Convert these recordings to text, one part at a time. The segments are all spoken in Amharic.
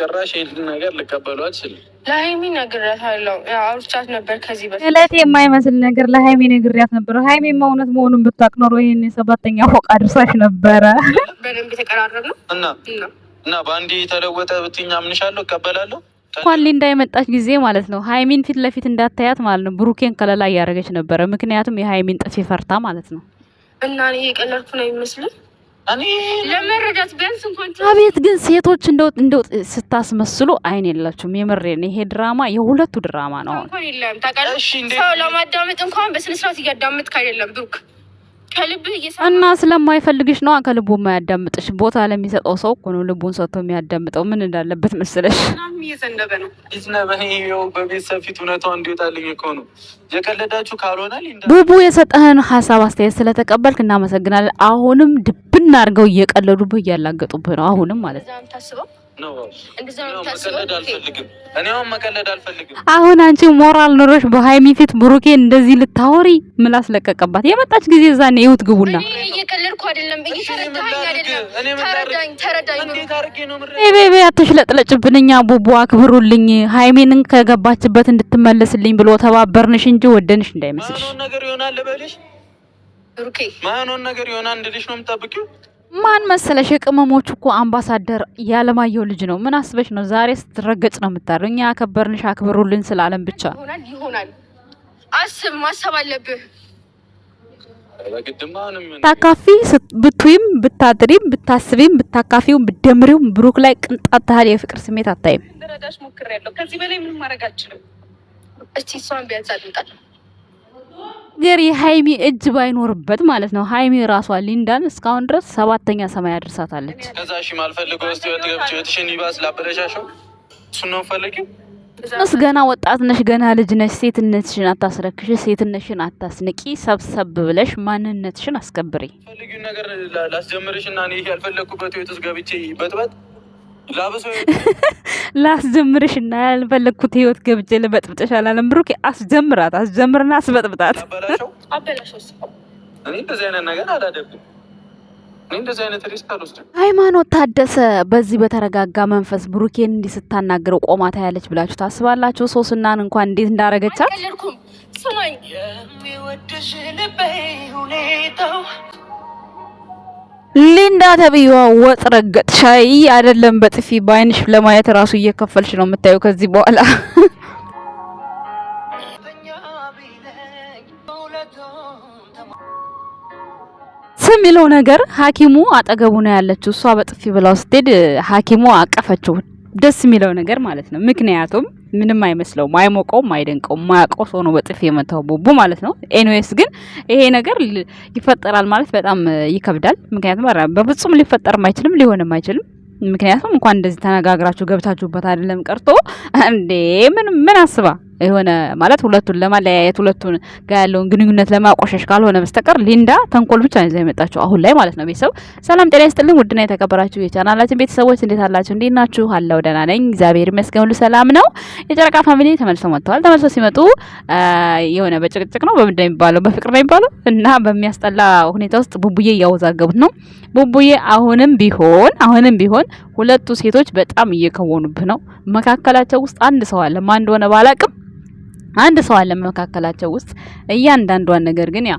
ጭራሽ ይህን ነገር ልቀበሉ አልችልም። ለሀይሚ ነግሬያታለሁ፣ አውርቻት ነበር ከዚህ በፊት እለት የማይመስል ነገር ለሀይሚ ነግሬያት ነበር። ሀይሚማ እውነት መሆኑን ብታውቅ ኖሮ ይህን የሰባተኛ ፎቅ አድርሳሽ ነበረ። በደንብ የተቀራረብ ነው እና እና በአንዴ የተለወጠ አምንሻለሁ፣ እቀበላለሁ እንኳን ሊንዳ የመጣች ጊዜ ማለት ነው ሀይሚን ፊት ለፊት እንዳታያት ማለት ነው ብሩኬን ከለላ እያደረገች ነበረ። ምክንያቱም የሀይሚን ጥፊ ፈርታ ማለት ነው እና እኔ የቀለድኩ ነው ይመስልል አቤት ግን ሴቶች እንደውጥ እንደውጥ ስታስመስሉ አይን የላችሁም። የምሬን ይሄ ድራማ የሁለቱ ድራማ ነው። ሰው ለማዳመጥ እንኳን በስነ ስርዓት እያዳመጥክ አይደለም ብሩክ እና ስለማይፈልግሽ ነው ከልቡ የማያዳምጥሽ። ቦታ ለሚሰጠው ሰው እኮ ነው ልቡን ሰጥቶ የሚያዳምጠው። ምን እንዳለበት መሰለሽ? ቡቡ የሰጠህን ሀሳብ አስተያየት ስለተቀበልክ እናመሰግናለን። አሁንም ምን አድርገው እየቀለዱብህ እያላገጡብህ ነው አሁንም ማለት ነው። አሁን አንቺ ሞራል ኖሮሽ በሃይሚ ፊት ብሩኬ እንደዚህ ልታወሪ ምላስ ለቀቀባት። የመጣች ጊዜ እዛ ነው ይሁት ግቡና ቤቤ አትሽለጥለጭብንኛ። ቡቡ አክብሩልኝ፣ ሀይሜን ከገባችበት እንድትመለስልኝ ብሎ ተባበርንሽ እንጂ ወደንሽ እንዳይመስልሽ። ማኖን ነገር የሆነ አንድ ልጅ ነው የምጠብቂው? ማን መሰለሽ? የቅመሞቹ እኮ አምባሳደር ያለማየሁ ልጅ ነው። ምን አስበሽ ነው? ዛሬ ስትረገጭ ነው የምታደር። እኛ ያከበርንሽ አክብሩልን ስላለም ብቻ ይሆናል። አስብ፣ ማሰብ አለብህ። ታካፊ ብትይም ብታጥሪም ብታስቢም ብታካፊውም ብደምሪውም ብሩክ ላይ ቅንጣት ታህል የፍቅር ስሜት አታይም። ረዳሽ ሞክሬያለሁ። ከዚህ በላይ ምንም ማድረግ አልችልም። እስቲ እሷን ቢያንስ አድምጣለሁ ነገር የሀይሚ እጅ ባይኖርበት ማለት ነው። ሀይሚ ራሷ ሊንዳን እስካሁን ድረስ ሰባተኛ ሰማይ አድርሳታለች። ከዛ ሺ ስ ወት ወትገብች ወትሽን ይባስ ላበረሻሸው እሱ ነው ፈለጊ ስ ገና ወጣት ነሽ፣ ገና ልጅ ነሽ። ሴትነትሽን አታስረክሽ፣ ሴትነትሽን አታስንቂ። ሰብሰብ ብለሽ ማንነትሽን አስከብሪ። ፈልጊውን ነገር ላስጀምርሽ እና ያልፈለግኩበት ህይወት ውስጥ ገብቼ በጥበት ላስጀምርሽ እና ያልፈለግኩት ህይወት ገብቼ ልበጥብጥሽ አላለም ብሩክ አስጀምራት፣ አስጀምርና አስበጥብጣት። ሃይማኖት ታደሰ በዚህ በተረጋጋ መንፈስ ብሩኬን እንዲህ ስታናግረው ቆማታ ያለች ብላችሁ ታስባላችሁ? ሶስናን እንኳን እንዴት እንዳረገቻት ሊንዳ ተብዬዋ ወጥ ረገጥ ሻይ አይደለም በጥፊ በአይንሽ ለማየት ራሱ እየከፈልሽ ነው የምታየው ከዚህ በኋላ። ስሚለው ነገር ሐኪሙ አጠገቡ ነው ያለችው። እሷ በጥፊ ብላው ስትሄድ ሐኪሙ አቀፈችው። ደስ የሚለው ነገር ማለት ነው። ምክንያቱም ምንም አይመስለውም፣ አይሞቀውም፣ አይደንቀውም። ማያውቀው ሰው ነው በጥፍ የመታው ቡቡ ማለት ነው። ኤኒዌይስ ግን ይሄ ነገር ይፈጠራል ማለት በጣም ይከብዳል። ምክንያቱም በፍጹም ሊፈጠርም አይችልም፣ ሊሆንም አይችልም። ምክንያቱም እንኳን እንደዚህ ተነጋግራችሁ ገብታችሁበት አይደለም ቀርቶ እንዴ ምን ምን አስባ የሆነ ማለት ሁለቱን ለማለያየት ሁለቱን ጋር ያለውን ግንኙነት ለማቆሸሽ ካልሆነ በስተቀር ሊንዳ ተንኮል ብቻ ነው ይዛ አሁን ላይ ማለት ነው። ቤተሰብ ሰላም ጤና ይስጥልኝ። ውድና የተከበራችሁ የቻናላችን ቤተሰቦች እንዴት አላችሁ? እንዴት ናችሁ? አለው ደህና ነኝ እግዚአብሔር ይመስገን፣ ሁሉ ሰላም ነው። የጨረቃ ፋሚሊ ተመልሰው መጥተዋል። ተመልሰው ሲመጡ የሆነ በጭቅጭቅ ነው በምንድን ነው የሚባለው በፍቅር ነው የሚባለው እና በሚያስጠላ ሁኔታ ውስጥ ቡቡዬ እያወዛገቡት ነው። ቡቡዬ አሁንም ቢሆን አሁንም ቢሆን ሁለቱ ሴቶች በጣም እየከወኑብህ ነው። መካከላቸው ውስጥ አንድ ሰው አለ ማን እንደሆነ ባላቅም አንድ ሰው አለ መካከላቸው ውስጥ እያንዳንዷን ነገር ግን ያ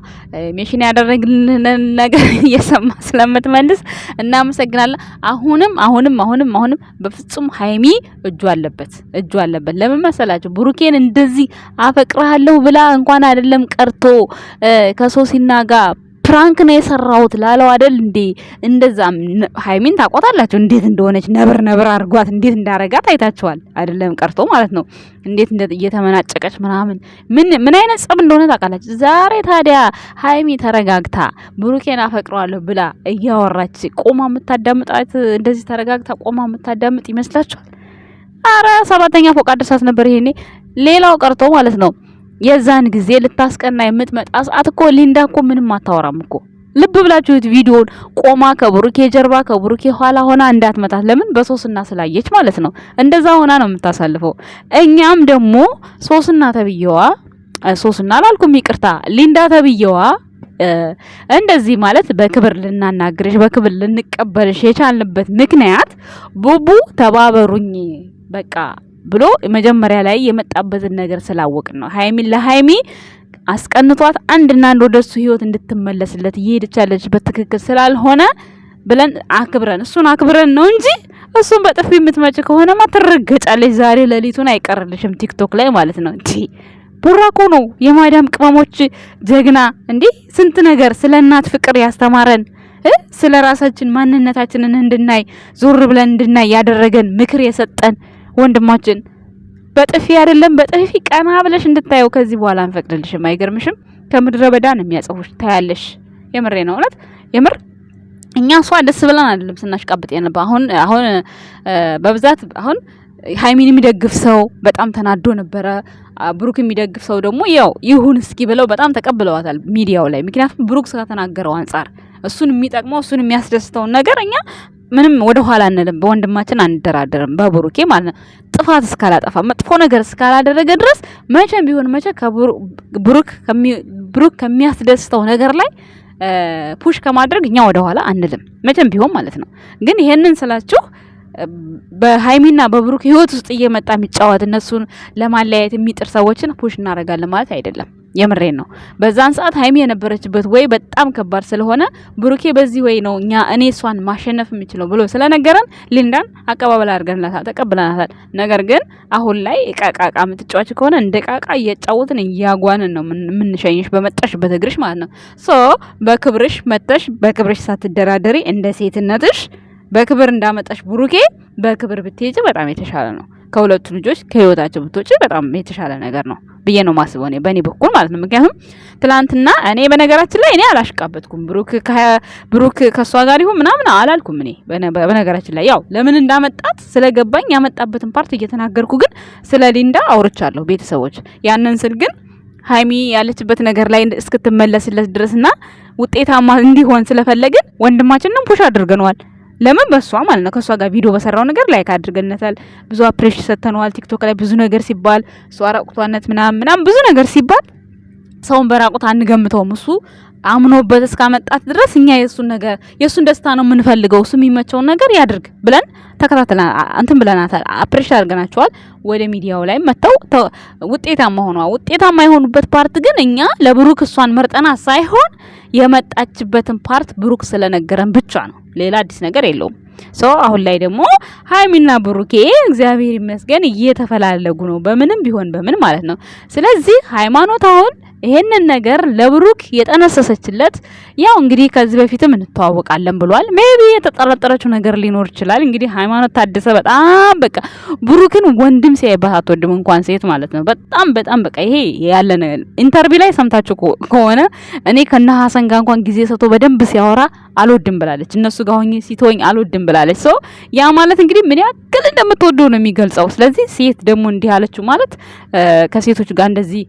ሜሽን ያደረግልን ነገር እየሰማ ስለምትመልስ እናመሰግናለን። አሁንም አሁንም አሁንም አሁንም በፍጹም ሀይሚ እጁ አለበት እጁ አለበት። ለምን መሰላችሁ? ብሩኬን እንደዚህ አፈቅርሃለሁ ብላ እንኳን አይደለም ቀርቶ ከሶሲና ጋር ፕራንክ ነው የሰራሁት ላለው አይደል እንዴ? እንደዛም ሀይሚን ታቋታላችሁ፣ እንዴት እንደሆነች ነብር ነብር አድርጓት እንዴት እንዳረጋት አይታችኋል። አይደለም ቀርቶ ማለት ነው እንዴት እየተመናጨቀች ምናምን ምን ምን አይነት ጸብ እንደሆነ ታውቃላችሁ። ዛሬ ታዲያ ሀይሚ ተረጋግታ ብሩኬን አፈቅረዋለሁ ብላ እያወራች ቆማ የምታዳምጣት እንደዚህ ተረጋግታ ቆማ የምታዳምጥ ይመስላችኋል? አረ ሰባተኛ ፎቅ አድርሳት ነበር ይሄኔ። ሌላው ቀርቶ ማለት ነው የዛን ጊዜ ልታስቀና የምትመጣ ሰዓት እኮ ሊንዳ እኮ ምንም አታወራም እኮ። ልብ ብላችሁት ቪዲዮን ቆማ ከብሩኬ ጀርባ ከብሩኬ ኋላ ሆና እንዳትመታት። ለምን በሶስና ስላየች ማለት ነው። እንደዛ ሆና ነው የምታሳልፈው። እኛም ደግሞ ሶስና ተብየዋ ሶስና አላልኩም ይቅርታ፣ ሊንዳ ተብየዋ እንደዚህ ማለት በክብር ልናናግርሽ በክብር ልንቀበልሽ የቻልንበት ምክንያት ቡቡ ተባበሩኝ በቃ ብሎ መጀመሪያ ላይ የመጣበትን ነገር ስላወቅን ነው። ሀይሚን ለሀይሚ አስቀንቷት አንድና አንድ ወደ እሱ ህይወት እንድትመለስለት እየሄደች በትክክል ትክክል ስላልሆነ ብለን አክብረን እሱን አክብረን ነው እንጂ እሱን በጥፊ የምትመጭ ከሆነማ ትረገጫለች። ዛሬ ሌሊቱን አይቀርልሽም ቲክቶክ ላይ ማለት ነው እንጂ ቡራኮ ነው የማዳም ቅመሞች ጀግና እንዲህ ስንት ነገር ስለ እናት ፍቅር ያስተማረን ስለ ራሳችን ማንነታችንን እንድናይ ዞር ብለን እንድናይ ያደረገን ምክር የሰጠን ወንድማችን በጥፊ አይደለም በጥፊ ቀና ብለሽ እንድታየው ከዚህ በኋላ አንፈቅድልሽም። አይገርምሽም? ከምድረ በዳ ነው የሚያጽፉሽ። ታያለሽ። የምሬ ነው እውነት የምር እኛ እሷ ደስ ብለን አይደለም ስናሽቃብጥ የነበር አሁን አሁን በብዛት አሁን ሀይሚን የሚደግፍ ሰው በጣም ተናዶ ነበረ። ብሩክ የሚደግፍ ሰው ደግሞ ያው ይሁን እስኪ ብለው በጣም ተቀብለዋታል ሚዲያው ላይ። ምክንያቱም ብሩክ ስለተናገረው አንጻር እሱን የሚጠቅመው እሱን የሚያስደስተውን ነገር እኛ ምንም ወደ ኋላ አንልም፣ በወንድማችን አንደራደርም፣ በብሩኬ ማለት ነው። ጥፋት እስካላጠፋ መጥፎ ነገር እስካላደረገ ድረስ መቼም ቢሆን መቼ ብሩክ ከሚያስደስተው ነገር ላይ ፑሽ ከማድረግ እኛ ወደ ኋላ አንልም፣ መቼም ቢሆን ማለት ነው። ግን ይሄንን ስላችሁ በሀይሚና በብሩክ ህይወት ውስጥ እየመጣ የሚጫወት እነሱን ለማለያየት የሚጥር ሰዎችን ፑሽ እናደርጋለን ማለት አይደለም። የምሬን ነው። በዛን ሰዓት ሀይሚ የነበረችበት ወይ በጣም ከባድ ስለሆነ ብሩኬ በዚህ ወይ ነው እኛ እኔ እሷን ማሸነፍ የምችለው ብሎ ስለነገረን ሊንዳን አቀባበል አድርገንላታል፣ ተቀብለናታል። ነገር ግን አሁን ላይ ቃቃቃ የምትጫወች ከሆነ እንደ ቃቃ እያጫወትን እያጓንን ነው የምንሸኝሽ በመጣሽ በትግርሽ ማለት ነው። ሶ በክብርሽ መጠሽ በክብርሽ ሳትደራደሪ እንደ ሴትነትሽ በክብር እንዳመጣሽ ብሩኬ በክብር ብትሄጂ በጣም የተሻለ ነው። ከሁለቱ ልጆች ከህይወታቸው ብትወጪ በጣም የተሻለ ነገር ነው ብዬ ነው ማስበው እኔ በእኔ በኩል ማለት ነው። ምክንያቱም ትላንትና እኔ በነገራችን ላይ እኔ አላሽቃበትኩም። ብሩክ ብሩክ ከእሷ ጋር ይሁን ምናምን አላልኩም። እኔ በነገራችን ላይ ያው ለምን እንዳመጣት ስለገባኝ ያመጣበትን ፓርት እየተናገርኩ ግን ስለ ሊንዳ አውርቻለሁ። ቤተሰቦች ያንን ስል ግን ሀይሚ ያለችበት ነገር ላይ እስክትመለስለት ድረስና ውጤታማ እንዲሆን ስለፈለግን ወንድማችንን ፑሽ አድርገነዋል። ለምን በሷ ማለት ነው ከሷ ጋር ቪዲዮ በሰራው ነገር ላይክ አድርገነታል። ብዙ አፕሬሽ ሰተነዋል። ቲክቶክ ላይ ብዙ ነገር ሲባል እሷ ራቁቷነት ምናምን ምናምን ብዙ ነገር ሲባል ሰውን በራቁት አንገምተውም። እሱ አምኖበት እስካመጣት ድረስ እኛ የሱን ነገር የሱን ደስታ ነው የምንፈልገው። እሱ የሚመቸውን ነገር ያድርግ ብለን ተከታተላ እንትን ብለናታል። አፕሬሽ አድርገናቸዋል። ወደ ሚዲያው ላይ መጥተው ውጤታማ ሆኗ። ውጤታማ የሆኑበት ፓርት ግን እኛ ለብሩክ እሷን መርጠና ሳይሆን የመጣችበትን ፓርት ብሩክ ስለነገረን ብቻ ነው። ሌላ አዲስ ነገር የለውም። ሶ አሁን ላይ ደግሞ ሀይሚና ብሩኬ እግዚአብሔር ይመስገን እየተፈላለጉ ነው፣ በምንም ቢሆን በምን ማለት ነው። ስለዚህ ሃይማኖት አሁን ይሄንን ነገር ለብሩክ የጠነሰሰችለት ያው እንግዲህ ከዚህ በፊትም እንተዋወቃለን ብሏል። ሜቢ የተጠረጠረችው ነገር ሊኖር ይችላል። እንግዲህ ሃይማኖት ታደሰ በጣም በቃ ብሩክን ወንድም ሲያይባት አትወድም፣ እንኳን ሴት ማለት ነው። በጣም በጣም በቃ ይሄ ያለ ኢንተርቪው ላይ ሰምታችሁ ከሆነ እኔ ከነ ሀሰን ጋር እንኳን ጊዜ ሰጥቶ በደንብ ሲያወራ አልወድም ብላለች። እነሱ ጋር ሆኜ ሲተወኝ አልወድም ብላለች። ሶ ያ ማለት እንግዲህ ምን ያክል እንደምትወደው ነው የሚገልጸው። ስለዚህ ሴት ደግሞ እንዲህ አለችው ማለት ከሴቶች ጋር እንደዚህ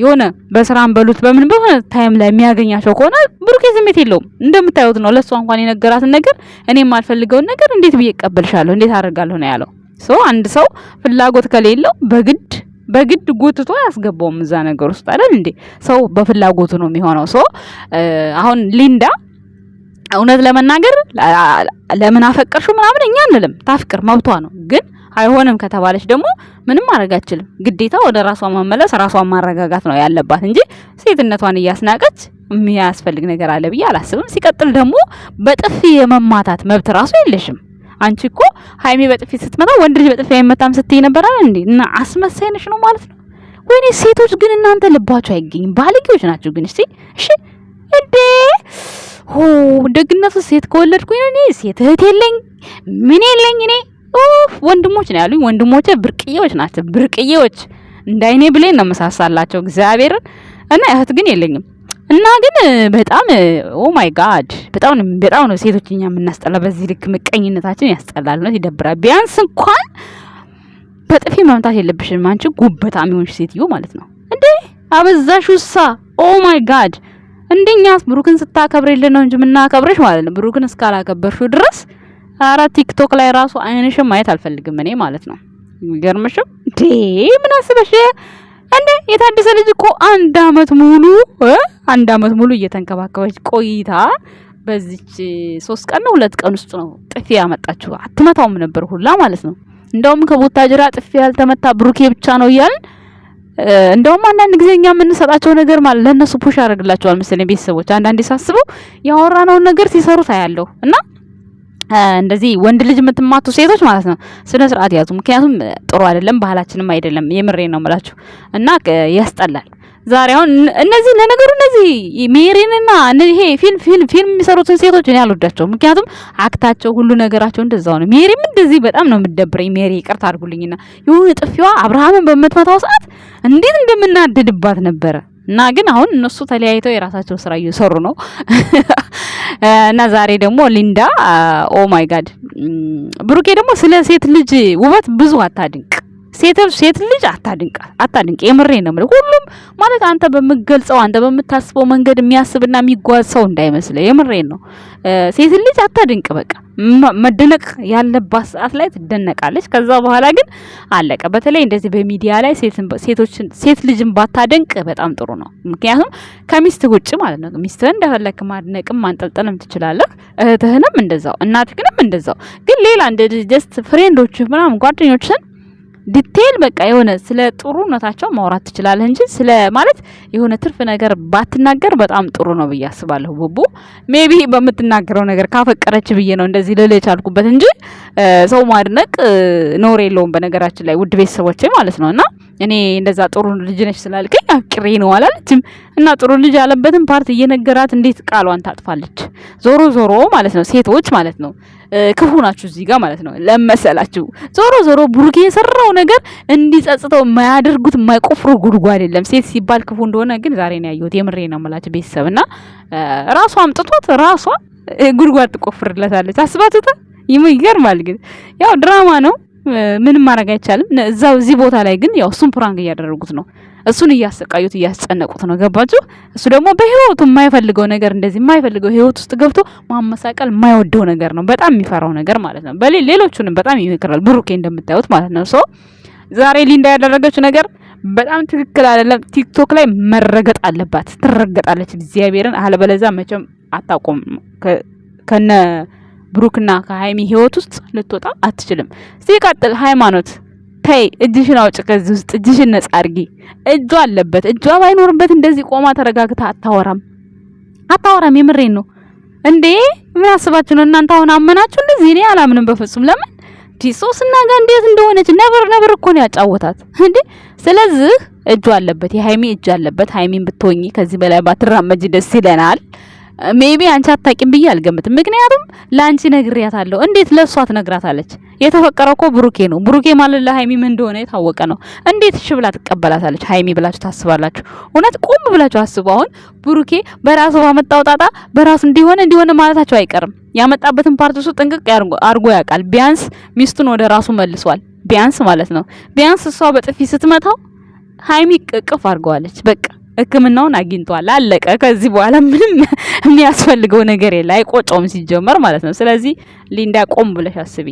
የሆነ በስራም በሉት በምን በሆነ ታይም ላይ የሚያገኛቸው ከሆነ ብሩኬ ስሜት የለውም። እንደምታዩት ነው። ለእሷ እንኳን የነገራትን ነገር እኔ የማልፈልገውን ነገር እንዴት ብዬ እቀበልሻለሁ? እንዴት አደርጋለሁ ነው ያለው። ሶ አንድ ሰው ፍላጎት ከሌለው በግድ በግድ ጎትቶ አያስገባውም እዛ ነገር ውስጥ አይደል እንዴ? ሰው በፍላጎቱ ነው የሚሆነው። ሶ አሁን ሊንዳ እውነት ለመናገር ለምን አፈቀርሽው ምናምን እኛ አንልም። ታፍቅር መብቷ ነው ግን አይሆንም ከተባለች ደግሞ ምንም ማድረግ አይችልም ግዴታ ወደ ራሷ መመለስ፣ ራሷን ማረጋጋት ነው ያለባት እንጂ ሴትነቷን እያስናቀች የሚያስፈልግ ነገር አለ ብዬ አላስብም። ሲቀጥል ደግሞ በጥፊ የመማታት መብት ራሱ የለሽም። አንቺ እኮ ሀይሜ በጥፊ ስትመታ ወንድ ልጅ በጥፊ አይመታም ስትይ ነበራል እንዴ? እና አስመሳይ ነሽ ነው ማለት ነው። ወይኔ ሴቶች ግን እናንተ ልባችሁ አይገኝም። ባልጌዎች ናቸው ግን። እስቲ እሺ እንዴ ሆ ደግነቱ ሴት ከወለድኩኝ እኔ ሴት እህት የለኝ ምን የለኝ እኔ ኡፍ ወንድሞች ነው ያሉኝ። ወንድሞቼ ብርቅዬዎች ናቸው፣ ብርቅዬዎች እንዳይኔ ብሌን ነው መሳሳላቸው እግዚአብሔርን እና እህት ግን የለኝም እና ግን በጣም ኦ ማይ ጋድ በጣም በጣም ነው ሴቶች እኛ የምናስጠላ። በዚህ ልክ ምቀኝነታችን ያስጠላል ነው ይደብራል። ቢያንስ እንኳን በጥፊ መምታት የለብሽም አንቺ ጉበታ የሚሆንሽ ሴትዮ ማለት ነው እንዴ አበዛሽ ውሳ። ኦ ማይ ጋድ እንደኛ ብሩክን ስታከብር የለ ነው እንጂ የምናከብርሽ ማለት ነው። ብሩክን እስካላከበርሽው ድረስ አራ ቲክቶክ ላይ ራሱ አይንሽም ማየት አልፈልግም እኔ ማለት ነው። ይገርምሽም ዴ ምን አስበሽ እንዴ? የታደሰ ልጅ እኮ አንድ አመት ሙሉ አንድ አመት ሙሉ እየተንከባከበች ቆይታ በዚች ሶስት ቀን ነው ሁለት ቀን ውስጥ ነው ጥፊ ያመጣችሁ። አትመታውም ነበር ሁላ ማለት ነው። እንደውም ከቦታጅራ ጥፊ ያልተመታ ብሩኬ ብቻ ነው እያልን እንደውም አንዳንድ ጊዜ እኛ የምንሰጣቸው ነገር ማለት ለእነሱ ፑሽ ያደርግላቸዋል መሰለኝ ቤተሰቦች። አንዳንዴ ሳስበው ያወራነውን ነገር ሲሰሩት አያለሁ እና እንደዚህ ወንድ ልጅ የምትማቱ ሴቶች ማለት ነው፣ ስነ ስርዓት ያዙ። ምክንያቱም ጥሩ አይደለም፣ ባህላችንም አይደለም። የምሬ ነው ምላችሁ እና ያስጠላል። ዛሬ አሁን እነዚህ ለነገሩ እነዚህ ሜሪንና ይሄ ፊልም ፊልም ፊልም የሚሰሩትን ሴቶች እኔ አልወዳቸው። ምክንያቱም አክታቸው ሁሉ ነገራቸው እንደዛው ነው። ሜሪም እንደዚህ በጣም ነው የምደብረኝ። ሜሪ ይቅርታ አድርጉልኝና የሆነ ጥፊዋ አብርሃምን በምትመታው ሰዓት እንዴት እንደምናደድባት ነበረ። እና ግን አሁን እነሱ ተለያይተው የራሳቸው ስራ እየሰሩ ነው። እና ዛሬ ደግሞ ሊንዳ ኦ ማይ ጋድ ብሩኬ ደግሞ ስለ ሴት ልጅ ውበት ብዙ አታድንቅ። ሴት ሴት ልጅ አታድንቃ አታድንቅ። የምሬ ነው የምልህ። ሁሉም ማለት አንተ በምገልጸው አንተ በምታስበው መንገድ የሚያስብና የሚጓዝ ሰው እንዳይመስልህ። የምሬ ነው። ሴት ልጅ አታድንቅ። በቃ መደነቅ ያለባት ሰዓት ላይ ትደነቃለች። ከዛ በኋላ ግን አለቀ። በተለይ እንደዚህ በሚዲያ ላይ ሴቶችን ሴት ልጅን ባታደንቅ በጣም ጥሩ ነው። ምክንያቱም ከሚስት ውጭ ማለት ነው። ሚስትህን እንደፈለክ ማድነቅም ማንጠልጠልም ትችላለህ። እህትህንም እንደዛው፣ እናትህንም እንደዛው። ግን ሌላ እንደዚህ ጀስት ፍሬንዶች ምናምን ጓደኞችን ዲቴይል በቃ የሆነ ስለ ጥሩነታቸው ማውራት ትችላለህ እንጂ ስለ ማለት የሆነ ትርፍ ነገር ባትናገር በጣም ጥሩ ነው ብዬ አስባለሁ። ቡቡ ሜቢ በምትናገረው ነገር ካፈቀረች ብዬ ነው እንደዚህ ልል የቻልኩበት እንጂ ሰው ማድነቅ ኖር የለውም። በነገራችን ላይ ውድ ቤተሰቦች ማለት ነው እና እኔ እንደዛ ጥሩ ልጅ ነች ስላልከኝ አፍቅሬ ነው አላለችም። እና ጥሩ ልጅ ያለበትን ፓርት እየነገራት እንዴት ቃሏን ታጥፋለች? ዞሮ ዞሮ ማለት ነው ሴቶች ማለት ነው ክፉ ናችሁ እዚህ ጋር ማለት ነው ለመሰላችሁ። ዞሮ ዞሮ ብሩኬ የሰራው ነገር እንዲጸጽተው የማያደርጉት የማይቆፍሩ ጉድጓድ የለም። ሴት ሲባል ክፉ እንደሆነ ግን ዛሬ ነው ያየሁት። የምሬ ነው የምላችሁ ቤተሰብ እና ራሷ አምጥቶት ራሷ ጉድጓድ ትቆፍርለታለች። አስባትታ ይገርማል። ግን ያው ድራማ ነው ምንም ማድረግ አይቻልም። እዛው እዚህ ቦታ ላይ ግን ያው እሱን ፕራንክ እያደረጉት ነው። እሱን እያሰቃዩት እያስጨነቁት ነው። ገባችሁ? እሱ ደግሞ በህይወቱ የማይፈልገው ነገር እንደዚህ የማይፈልገው ህይወት ውስጥ ገብቶ ማመሳቀል የማይወደው ነገር ነው። በጣም የሚፈራው ነገር ማለት ነው። በሌ ሌሎቹንም በጣም ይመክራል። ብሩኬ እንደምታዩት ማለት ነው። ሶ ዛሬ ሊንዳ ያደረገችው ነገር በጣም ትክክል አይደለም። ቲክቶክ ላይ መረገጥ አለባት። ትረገጣለች። እግዚአብሔርን አለበለዚያ መቼም አታቆም ከነ ብሩክና ከሀይሚ ህይወት ውስጥ ልትወጣ አትችልም። ሲቀጥል ሃይማኖት ተይ እጅሽን አውጭ ከዚህ ውስጥ እጅሽን ነጻ አርጊ። እጇ አለበት። እጇ ባይኖርበት እንደዚህ ቆማ ተረጋግታ አታወራም፣ አታወራም። የምሬን ነው እንዴ! ምን አስባችሁ ነው እናንተ? አሁን አመናችሁ እንደዚህ? እኔ አላምንም በፍጹም። ለምን ሶስና ጋር እንዴት እንደሆነች ነበር ነበር እኮ ነው ያጫወታት እንዴ። ስለዚህ እጇ አለበት፣ የሀይሚ እጅ አለበት። ሀይሚን ብትሆኚ ከዚህ በላይ ባትራመጅ ደስ ይለናል። ሜቢ አንቺ አታቂም ብዬ አልገምትም። ምክንያቱም ለአንቺ ነግሬያታለሁ። እንዴት ለእሷ ትነግራታለች? የተፈቀረው እኮ ብሩኬ ነው። ብሩኬ ማለት ለሀይሚ ምን እንደሆነ የታወቀ ነው። እንዴት እሺ ብላ ትቀበላታለች? ሀይሚ ብላችሁ ታስባላችሁ? እውነት ቆም ብላችሁ አስቡ። አሁን ብሩኬ በራሱ ባመጣው ጣጣ በራሱ እንዲሆነ እንዲሆነ ማለታቸው አይቀርም። ያመጣበትን ፓርት እሱ ጥንቅቅ አድርጎ ያውቃል። ቢያንስ ሚስቱን ወደ ራሱ መልሷል። ቢያንስ ማለት ነው። ቢያንስ እሷ በጥፊ ስትመታው ሀይሚ ቅቅፍ አድርገዋለች። በቃ ህክምናውን አግኝቷል። አለቀ። ከዚህ በኋላ ምንም የሚያስፈልገው ነገር የለ። አይቆጨውም ሲጀመር ማለት ነው። ስለዚህ ሊንዳ ቆም ብለሽ አስቢ።